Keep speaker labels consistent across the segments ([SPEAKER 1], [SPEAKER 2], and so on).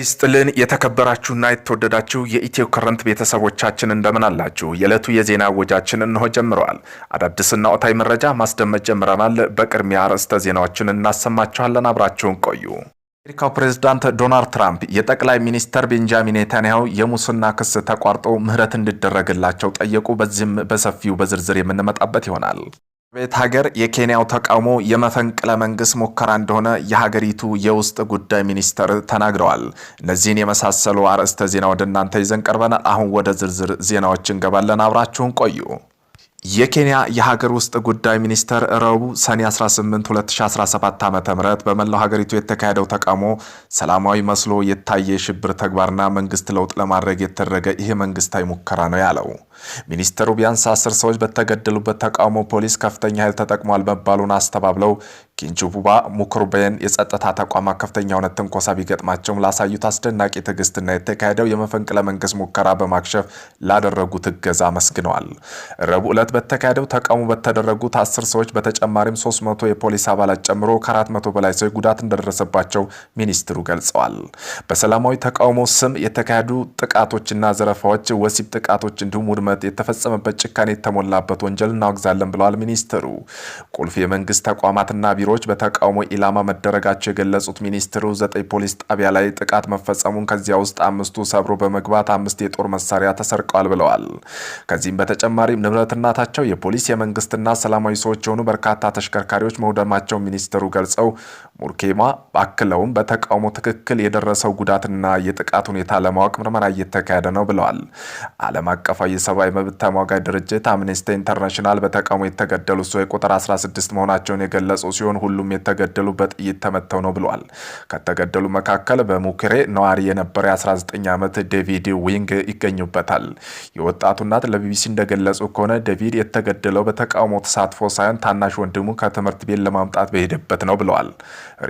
[SPEAKER 1] ይስጥልን የተከበራችሁና የተወደዳችሁ የኢትዮ ከረንት ቤተሰቦቻችን እንደምን አላችሁ? የዕለቱ የዜና ወጃችን እንሆ ጀምረዋል። አዳዲስና ኦታዊ መረጃ ማስደመጥ ጀምረናል። በቅድሚያ አርዕስተ ዜናዎችን እናሰማችኋለን። አብራችሁን ቆዩ። የአሜሪካው ፕሬዝዳንት ዶናልድ ትራምፕ የጠቅላይ ሚኒስተር ቤንጃሚን ኔታንያሁ የሙስና ክስ ተቋርጦ ምህረት እንዲደረግላቸው ጠየቁ። በዚህም በሰፊው በዝርዝር የምንመጣበት ይሆናል። ቤት ሀገር የኬንያው ተቃውሞ የመፈንቅለ መንግስት ሙከራ እንደሆነ የሀገሪቱ የውስጥ ጉዳይ ሚኒስተር ተናግረዋል። እነዚህን የመሳሰሉ አርዕስተ ዜና ወደ እናንተ ይዘን ቀርበናል። አሁን ወደ ዝርዝር ዜናዎች እንገባለን። አብራችሁን ቆዩ። የኬንያ የሀገር ውስጥ ጉዳይ ሚኒስተር ረቡዕ ሰኔ 18 2017 ዓ ም በመላው ሀገሪቱ የተካሄደው ተቃውሞ ሰላማዊ መስሎ የታየ የሽብር ተግባርና መንግስት ለውጥ ለማድረግ የተደረገ ይህ መንግስታዊ ሙከራ ነው ያለው ሚኒስትሩ ቢያንስ አስር ሰዎች በተገደሉበት ተቃውሞ ፖሊስ ከፍተኛ ኃይል ተጠቅሟል መባሉን አስተባብለው ኪንጁቡባ ሙክሩቤን የጸጥታ ተቋማት ከፍተኛ እውነት ትንኮሳ ቢገጥማቸውም ላሳዩት አስደናቂ ትዕግስትና የተካሄደው የመፈንቅለ መንግስት ሙከራ በማክሸፍ ላደረጉት እገዛ አመስግነዋል። ረቡዕ ዕለት በተካሄደው ተቃውሞ በተደረጉት አስር ሰዎች በተጨማሪም 300 የፖሊስ አባላት ጨምሮ ከ400 በላይ ሰዎች ጉዳት እንደደረሰባቸው ሚኒስትሩ ገልጸዋል። በሰላማዊ ተቃውሞ ስም የተካሄዱ ጥቃቶችና ዘረፋዎች፣ ወሲብ ጥቃቶች እንዲሁም ውድመ መቀመጥ የተፈጸመበት ጭካኔ የተሞላበት ወንጀል እናወግዛለን ብለዋል ሚኒስትሩ። ቁልፍ የመንግስት ተቋማትና ቢሮዎች በተቃውሞ ኢላማ መደረጋቸው የገለጹት ሚኒስትሩ ዘጠኝ ፖሊስ ጣቢያ ላይ ጥቃት መፈጸሙን ከዚያ ውስጥ አምስቱ ሰብሮ በመግባት አምስት የጦር መሳሪያ ተሰርቀዋል ብለዋል። ከዚህም በተጨማሪም ንብረትናታቸው የፖሊስ የመንግስትና ሰላማዊ ሰዎች የሆኑ በርካታ ተሽከርካሪዎች መውደማቸው ሚኒስትሩ ገልጸው ሙርኬማ አክለውም በተቃውሞ ትክክል የደረሰው ጉዳትና የጥቃት ሁኔታ ለማወቅ ምርመራ እየተካሄደ ነው ብለዋል። ዓለም አቀፋዊ የሰብአዊ የሰብአዊ መብት ተሟጋይ ድርጅት አምነስቲ ኢንተርናሽናል በተቃውሞ የተገደሉ ሰዎች ቁጥር 16 መሆናቸውን የገለጹ ሲሆን ሁሉም የተገደሉ በጥይት ተመተው ነው ብለዋል። ከተገደሉ መካከል በሙክሬ ነዋሪ የነበረ የ19 ዓመት ዴቪድ ዊንግ ይገኙበታል። የወጣቱ እናት ለቢቢሲ እንደገለጹ ከሆነ ዴቪድ የተገደለው በተቃውሞ ተሳትፎ ሳይሆን ታናሽ ወንድሙ ከትምህርት ቤት ለማምጣት በሄደበት ነው ብለዋል።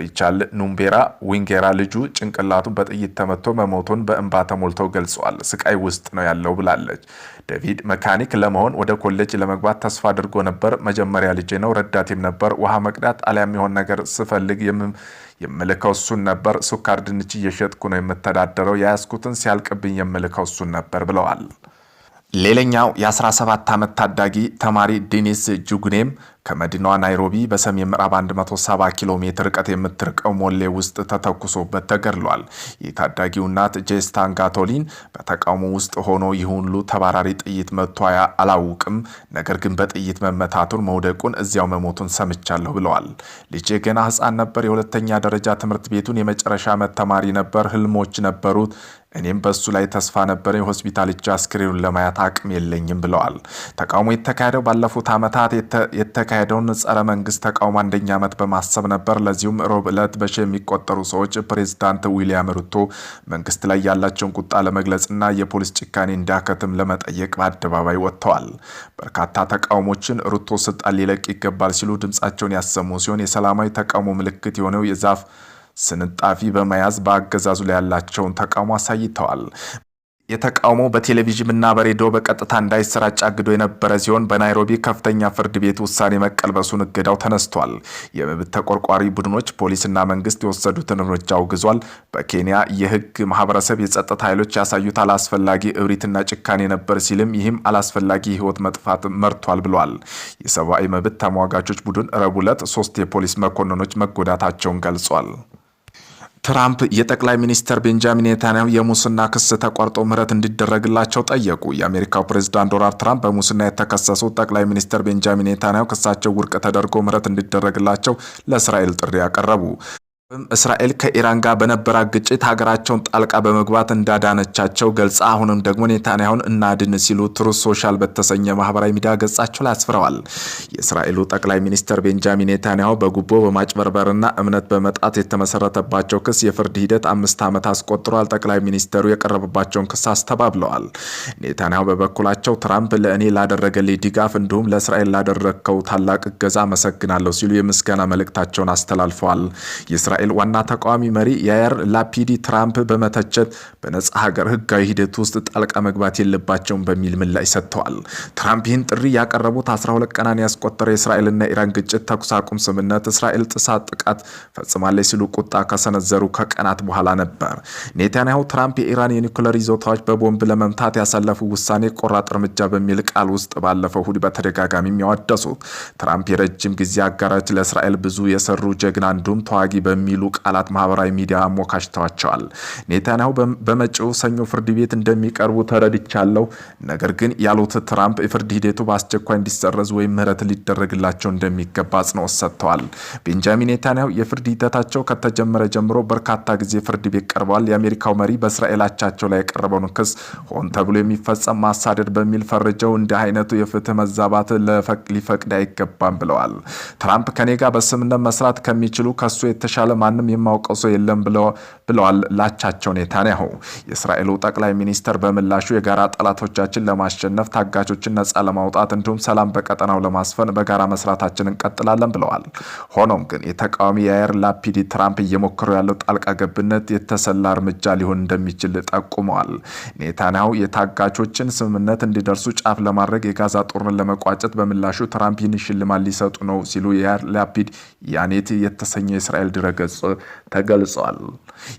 [SPEAKER 1] ሪቻል ኑምቤራ ዊንጌራ ልጁ ጭንቅላቱን በጥይት ተመቶ መሞቱን በእንባ ተሞልተው ገልጸዋል። ስቃይ ውስጥ ነው ያለው ብላለች። ዴቪድ መካኒክ ለመሆን ወደ ኮሌጅ ለመግባት ተስፋ አድርጎ ነበር። መጀመሪያ ልጄ ነው፣ ረዳቴም ነበር። ውሃ መቅዳት አሊያም የሆን ነገር ስፈልግ የምልከው እሱን ነበር። ሱካር ድንች እየሸጥኩ ነው የምተዳደረው፣ የያዝኩትን ሲያልቅብኝ የምልከው እሱን ነበር ብለዋል። ሌላኛው የ17 ዓመት ታዳጊ ተማሪ ዲኒስ ጁግኔም ከመዲናዋ ናይሮቢ በሰሜን ምዕራብ 170 ኪሎ ሜትር ርቀት የምትርቀው ሞሌ ውስጥ ተተኩሶበት ተገድሏል። የታዳጊው እናት ጄስታን ጋቶሊን በተቃውሞ ውስጥ ሆኖ ይህ ሁሉ ተባራሪ ጥይት መጥቶ አላውቅም፣ ነገር ግን በጥይት መመታቱን መውደቁን፣ እዚያው መሞቱን ሰምቻለሁ ብለዋል። ልጄ ገና ሕፃን ነበር። የሁለተኛ ደረጃ ትምህርት ቤቱን የመጨረሻ ዓመት ተማሪ ነበር። ህልሞች ነበሩት። እኔም በሱ ላይ ተስፋ ነበር የሆስፒታል እጅ አስክሬኑን ለማየት አቅም የለኝም ብለዋል። ተቃውሞ የተካሄደው ባለፉት ዓመታት የተካሄደውን ጸረ መንግስት ተቃውሞ አንደኛ ዓመት በማሰብ ነበር። ለዚሁም ሮብ ዕለት በሺ የሚቆጠሩ ሰዎች ፕሬዚዳንት ዊሊያም ሩቶ መንግስት ላይ ያላቸውን ቁጣ ለመግለጽና የፖሊስ ጭካኔ እንዲያከትም ለመጠየቅ በአደባባይ ወጥተዋል። በርካታ ተቃውሞችን ሩቶ ስልጣን ሊለቅ ይገባል ሲሉ ድምጻቸውን ያሰሙ ሲሆን የሰላማዊ ተቃውሞ ምልክት የሆነው የዛፍ ስንጣፊ በመያዝ በአገዛዙ ላይ ያላቸውን ተቃውሞ አሳይተዋል። የተቃውሞ እና በሬዲዮ በቀጥታ እንዳይሰራጭ አግዶ የነበረ ሲሆን በናይሮቢ ከፍተኛ ፍርድ ቤት ውሳኔ መቀልበሱን እገዳው ተነስቷል። የመብት ተቆርቋሪ ቡድኖች ፖሊስና መንግስት የወሰዱትን እርምጃ አውግዟል። በኬንያ የህግ ማህበረሰብ የጸጥታ ኃይሎች ያሳዩት አላስፈላጊ እብሪትና ጭካኔ ነበር ሲልም ይህም አላስፈላጊ ህይወት መጥፋት መርቷል ብሏል። የሰብአዊ መብት ተሟጋቾች ቡድን ረቡዕ ዕለት ሶስት የፖሊስ መኮንኖች መጎዳታቸውን ገልጿል። ትራምፕ የጠቅላይ ሚኒስትር ቤንጃሚን ኔታንያሁ የሙስና ክስ ተቋርጦ ምህረት እንዲደረግላቸው ጠየቁ። የአሜሪካው ፕሬዝዳንት ዶናልድ ትራምፕ በሙስና የተከሰሱት ጠቅላይ ሚኒስትር ቤንጃሚን ኔታንያሁ ክሳቸው ውድቅ ተደርጎ ምህረት እንዲደረግላቸው ለእስራኤል ጥሪ አቀረቡ። እስራኤል ከኢራን ጋር በነበረ ግጭት ሀገራቸውን ጣልቃ በመግባት እንዳዳነቻቸው ገልጻ አሁንም ደግሞ ኔታንያሁን እናድን ሲሉ ትሩዝ ሶሻል በተሰኘ ማህበራዊ ሚዲያ ገጻቸው ላይ አስፍረዋል። የእስራኤሉ ጠቅላይ ሚኒስትር ቤንጃሚን ኔታንያሁ በጉቦ በማጭበርበርና እምነት በመጣት የተመሰረተባቸው ክስ የፍርድ ሂደት አምስት ዓመት አስቆጥሯል። ጠቅላይ ሚኒስትሩ የቀረበባቸውን ክስ አስተባብለዋል። ኔታንያሁ በበኩላቸው ትራምፕ ለእኔ ላደረገልኝ ድጋፍ እንዲሁም ለእስራኤል ላደረግከው ታላቅ እገዛ አመሰግናለሁ ሲሉ የምስጋና መልእክታቸውን አስተላልፈዋል። የእስራኤል ዋና ተቃዋሚ መሪ የአየር ላፒዲ ትራምፕ በመተቸት በነጻ ሀገር ህጋዊ ሂደት ውስጥ ጣልቃ መግባት የለባቸውም በሚል ምላሽ ሰጥተዋል። ትራምፕ ይህን ጥሪ ያቀረቡት 12 ቀናን ያስቆጠረ የእስራኤልና ኢራን ግጭት ተኩስ አቁም ስምምነት እስራኤል ጥሳ ጥቃት ፈጽማለች ሲሉ ቁጣ ከሰነዘሩ ከቀናት በኋላ ነበር። ኔታንያሁ ትራምፕ የኢራን የኒኩለር ይዞታዎች በቦምብ ለመምታት ያሳለፉ ውሳኔ ቆራጥ እርምጃ በሚል ቃል ውስጥ ባለፈው እሁድ በተደጋጋሚ የሚያወደሱት ትራምፕ የረጅም ጊዜ አጋራች ለእስራኤል ብዙ የሰሩ ጀግና እንዲሁም ተዋጊ በሚ የሚሉ ቃላት ማህበራዊ ሚዲያ አሞካሽተዋቸዋል። ኔታንያሁ በመጪው ሰኞ ፍርድ ቤት እንደሚቀርቡ ተረድቻለሁ፣ ነገር ግን ያሉት ትራምፕ የፍርድ ሂደቱ በአስቸኳይ እንዲሰረዝ ወይም ምህረት ሊደረግላቸው እንደሚገባ አጽንኦት ሰጥተዋል። ቤንጃሚን ኔታንያሁ የፍርድ ሂደታቸው ከተጀመረ ጀምሮ በርካታ ጊዜ ፍርድ ቤት ቀርበዋል። የአሜሪካው መሪ በእስራኤል አቻቸው ላይ የቀረበውን ክስ ሆን ተብሎ የሚፈጸም ማሳደድ በሚል ፈርጀው እንዲህ አይነቱ የፍትህ መዛባት ሊፈቅድ አይገባም ብለዋል። ትራምፕ ከኔ ጋር በስምነት መስራት ከሚችሉ ከሱ የተሻለ ማንም የማውቀው ሰው የለም ብለዋል ላቻቸው ኔታንያሁ። የእስራኤሉ ጠቅላይ ሚኒስተር በምላሹ የጋራ ጠላቶቻችን ለማሸነፍ ታጋቾችን ነጻ ለማውጣት እንዲሁም ሰላም በቀጠናው ለማስፈን በጋራ መስራታችን እንቀጥላለን ብለዋል። ሆኖም ግን የተቃዋሚ የአየር ላፒዲ ትራምፕ እየሞከሩ ያለው ጣልቃ ገብነት የተሰላ እርምጃ ሊሆን እንደሚችል ጠቁመዋል። ኔታንያሁ የታጋቾችን ስምምነት እንዲደርሱ ጫፍ ለማድረግ የጋዛ ጦርነት ለመቋጨት በምላሹ ትራምፕ ይህን ሽልማት ሊሰጡ ነው ሲሉ የያር ላፒድ ያኔት የተሰኘው የእስራኤል ድረገጽ ገጽ ተገልጿል።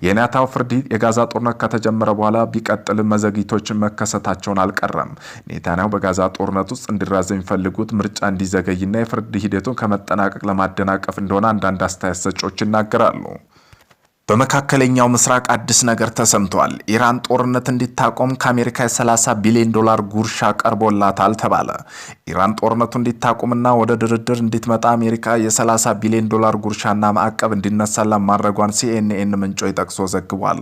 [SPEAKER 1] የኔታንያሁ ፍርድ የጋዛ ጦርነት ከተጀመረ በኋላ ቢቀጥል መዘግይቶች መከሰታቸውን አልቀረም። ኔታንያሁ በጋዛ ጦርነት ውስጥ እንዲራዘ የሚፈልጉት ምርጫ እንዲዘገይና የፍርድ ሂደቱን ከመጠናቀቅ ለማደናቀፍ እንደሆነ አንዳንድ አስተያየት ሰጮች ይናገራሉ። በመካከለኛው ምስራቅ አዲስ ነገር ተሰምቷል። ኢራን ጦርነት እንዲታቆም ከአሜሪካ የ30 ቢሊዮን ዶላር ጉርሻ ቀርቦላታል ተባለ። ኢራን ጦርነቱ እንዲታቆምና ወደ ድርድር እንድትመጣ አሜሪካ የ30 ቢሊዮን ዶላር ጉርሻና ማዕቀብ እንዲነሳላ ማድረጓን ሲኤንኤን ምንጮች ጠቅሶ ዘግቧል።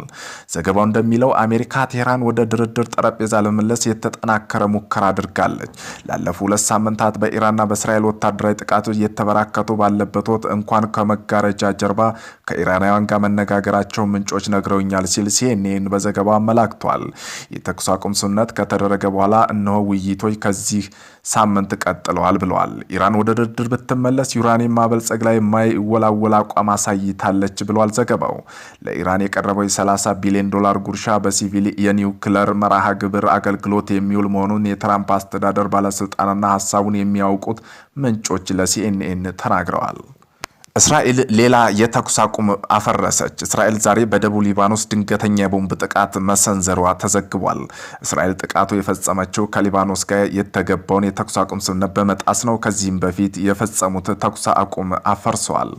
[SPEAKER 1] ዘገባው እንደሚለው አሜሪካ ቴህራን ወደ ድርድር ጠረጴዛ ለመመለስ የተጠናከረ ሙከራ አድርጋለች። ላለፉ ሁለት ሳምንታት በኢራንና በእስራኤል ወታደራዊ ጥቃቶች እየተበራከቱ ባለበት ወቅት እንኳን ከመጋረጃ ጀርባ ከኢራናውያን ጋር መነጋገር መነጋገራቸው ምንጮች ነግረውኛል ሲል ሲኤንኤን በዘገባ አመላክቷል። የተኩስ አቁም ስምምነት ከተደረገ በኋላ እነሆ ውይይቶች ከዚህ ሳምንት ቀጥለዋል ብለዋል። ኢራን ወደ ድርድር ብትመለስ ዩራኒየም ማበልጸግ ላይ የማይወላወል አቋም አሳይታለች ብሏል ዘገባው። ለኢራን የቀረበው የ30 ቢሊዮን ዶላር ጉርሻ በሲቪል የኒውክለር መርሃ ግብር አገልግሎት የሚውል መሆኑን የትራምፕ አስተዳደር ባለስልጣናና ሀሳቡን የሚያውቁት ምንጮች ለሲኤንኤን ተናግረዋል። እስራኤል ሌላ የተኩስ አቁም አፈረሰች። እስራኤል ዛሬ በደቡብ ሊባኖስ ድንገተኛ የቦምብ ጥቃት መሰንዘሯ ተዘግቧል። እስራኤል ጥቃቱ የፈጸመችው ከሊባኖስ ጋር የተገባውን የተኩስ አቁም ስምምነት በመጣስ ነው። ከዚህም በፊት የፈጸሙት ተኩስ አቁም አፈርሰዋል።